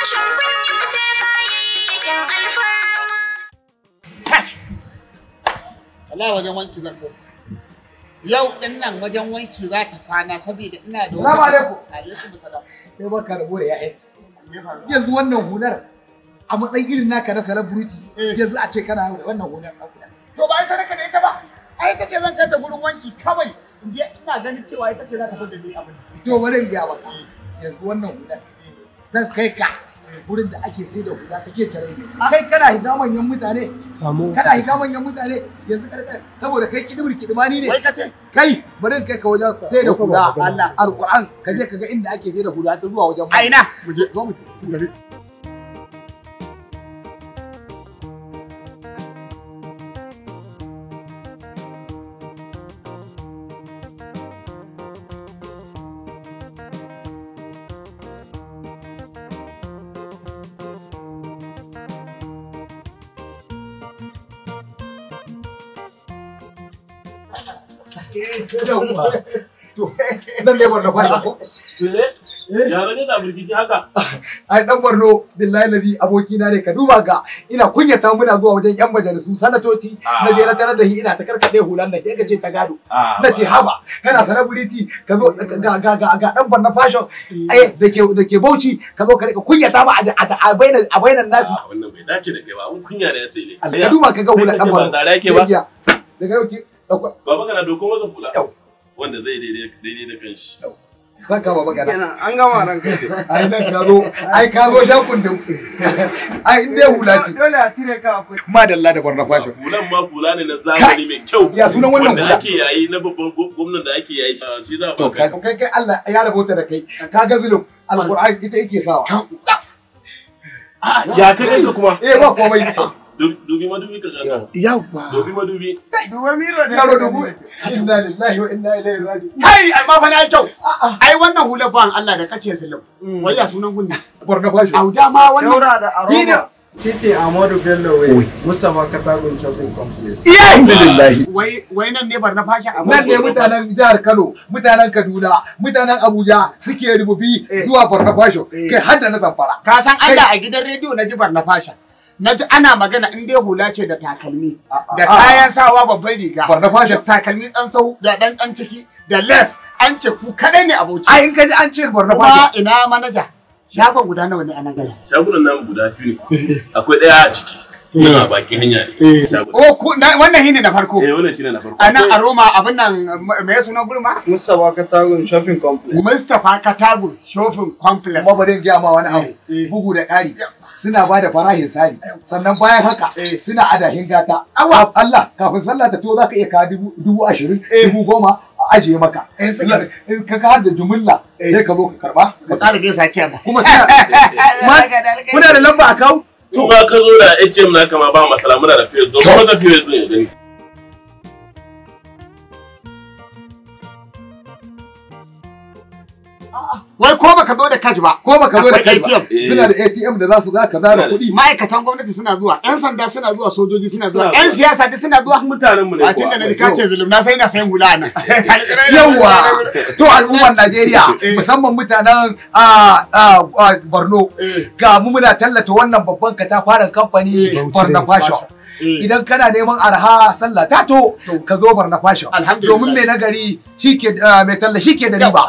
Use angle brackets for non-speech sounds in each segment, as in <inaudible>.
rashin kunya wajen wanki zan ɗauka. Yau ɗin nan wajen wanki za ta kwana saboda ina da wani. Salamu alaikum. Alaikum salam. Kai ba ka rabo da ya'yan. Yanzu wannan hular a matsayin irin naka na celebrity eh. yanzu a ce kana wannan hular. To ba ita naka da ita ba. A ita ce zan kai ta gurin wanki kawai. In je ina ganin cewa ita ce za ta fita da ni abin. To bari in gaya maka. Eh. Yanzu wannan hular zan kai ka gurin da ake sai da hula take cire ne kai kana higa manyan mutane kana higa manyan mutane yanzu karkar saboda kai kidimir kidimani ne kai kace kai bari in kai ka wajen sai da hula Allah alquran ka je ka ga inda ake sai da hula ta zuwa wajen aina mu je zo mu tafi yawwa nan ne kwashe ko haka ai dan barno billahi labi aboki na ne ka duba ga ina kunyata muna zuwa wajen yan majalisu sanatoci ah. na da ina ta karkade hulan nan ta gado ah. na ce haba kana celebrity ka zo ga ga ga ga dan fashion ai eh. eh, da ke da ke bauchi ka zo ka rika kunyata ba a bainar a ah, wannan bai dace da kai ba kunya ne sai ne ka duba ka ga hulan dan da yau ki Baba kana dokon wajen kula. Wanda zai daidai da an gama kai. Ai nan ka zo, ai ka zo kundin. Ai hula ce. Dole a tire ka akwai. Madalla da barna fashion. Hulan ma hula ne na zamani mai kyau. Ya sunan wannan hula. Wanda ake yayi na babban gwamnan da ake yayi shi za a kai. Kai kai Allah ya rabota da kai. Ka ga zulum. Alƙur'ani ita yake sawa. Ya kai ka kuma. Eh ba komai. dubi madubi ka ganga yawwa dubi madubi dubi miro ne yaro dubu inna lillahi wa inna ilaihi raji'un kai amma fa na kyau ai wannan hula ban Allah da kace zulum mm. wai ya sunan gunna borno fashi auda ma wannan dina Titi Amadu Bello wai Musa ma katagun shopping complex. Alhamdulillah. Wai wai nan ne barna fashi a Nan ne mutanen jihar Kano, mutanen Kaduna, mutanen Abuja suke rububi eh. zuwa barna fashi. Eh. Kai har da na zamfara. Ka san Allah a gidan rediyo na ji barna fashi. na ji ana magana in dai hula ce da takalmi da kayan sawa babban riga da takalmi dan sau da dan dan ciki da les an ce ku kadai ne aboci ai in ka an ce barna ba ina manaja shagon guda nawa ne a nan gari shagunan namu guda biyu ne eh. akwai daya a ciki Muna eh. baki hanya ne. Eh. Oh, wannan shine na farko. Eh, wannan shine na farko. Ana a Roma abin nan me ya suna gurma? Mustapha Katagun Shopping Complex. Mustafa Katagun Shopping Complex. Kuma bari ma wani abu. Bugu da ƙari. suna ba da farahin sari sannan bayan haka eh. suna adahin gata Allah kafin sallah ta to za ka iya ka dubu ashirin eh. dubu goma a ajiye maka eh, ka kawar da jumilla sai ka zo ka karba ka tsara sa ce kuma suna <laughs> kuna da lamba a kawo to ba ka zo da ATM na kama ba masala muna da fiye zo ba da fiye zo ne wai ko baka zo da cash ba ko baka zo da ATM. Eh. suna da ATM da za su za ka zara kuɗi ma'aikatan gwamnati suna zuwa yan sanda suna zuwa sojoji suna zuwa yan siyasa duk suna zuwa mutanen mu ne a tunda na ji kace zulum na sai ina sayan hula nan <laughs> yawa to al'ummar Najeriya <laughs> eh. musamman mutanen Borno eh. ga mu muna tallata wannan babban katafaren kamfani Borno Fashion Eh. idan kana neman arha sallah ta to ka zo barna fashion domin mai nagari shike eh, mai talla shike da riba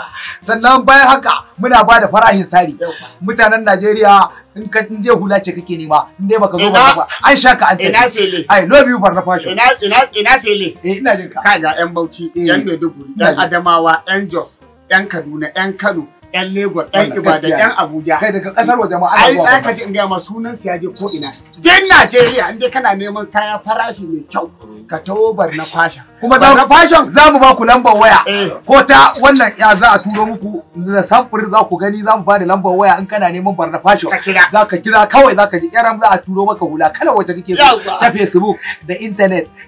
sannan bayan haka muna ba da farahin sari mutanen Najeriya in ka in je hula ce kake nema in dai baka zo barna ba an sha ka an tafi ina sele ai love you na fashion ina ina ina sele eh ina jin ka kaga yan Bauchi yan eh. Maiduguri yan Adamawa yan Jos yan Kaduna yan Kano yan Lagos, yan Ibadan, yan Abuja. Kai daga kasar waje ma ana zuwa. Ai ka ji in ga ma sunan su ya je ko ina. Din Najeriya in dai kana neman kaya farashi mai kyau ka taho Barna Fashion. Kuma Barna Fashion za mu ba ku lambar waya. Eh. Ko ta wannan ya za a turo muku na samfurin za ku gani za mu ba da lambar waya in kana neman Barna Fashion. Ka kira. Za ka kira kawai za ka ji kyaram za a turo maka hula kala waje kake so ta Facebook da internet